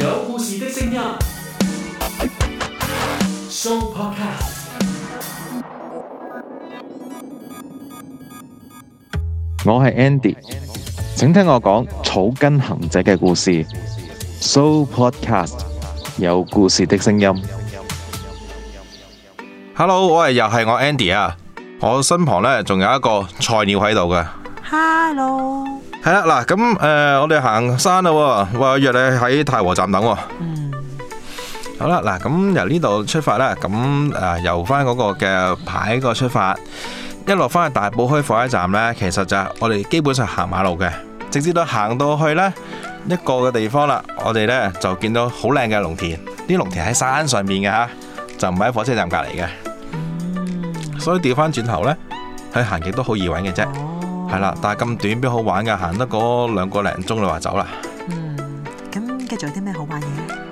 有故事的聲音，So Podcast，我係 Andy，請聽我講草根行者嘅故事。So Podcast 有故事的聲音。Hello，我係又係我 Andy 啊，我身旁呢，仲有一個菜鳥喺度嘅。Hello，係啦。嗱，咁誒、呃，我哋行山咯、哦，話約你喺太和站等、哦。嗯，好啦，嗱咁由呢度出發啦，咁誒由翻嗰個嘅牌個出發，一落翻去大埔墟火車站呢。其實就我哋基本上行馬路嘅，直接到行到去呢一個嘅地方啦。我哋呢就見到好靚嘅農田，啲農田喺山上面嘅吓，就唔喺火車站隔籬嘅，嗯、所以調翻轉頭呢，去行極都好易揾嘅啫.係啦，但係咁短邊好玩噶，行得嗰兩個零鐘你話走啦。嗯，咁繼續有啲咩好玩嘢？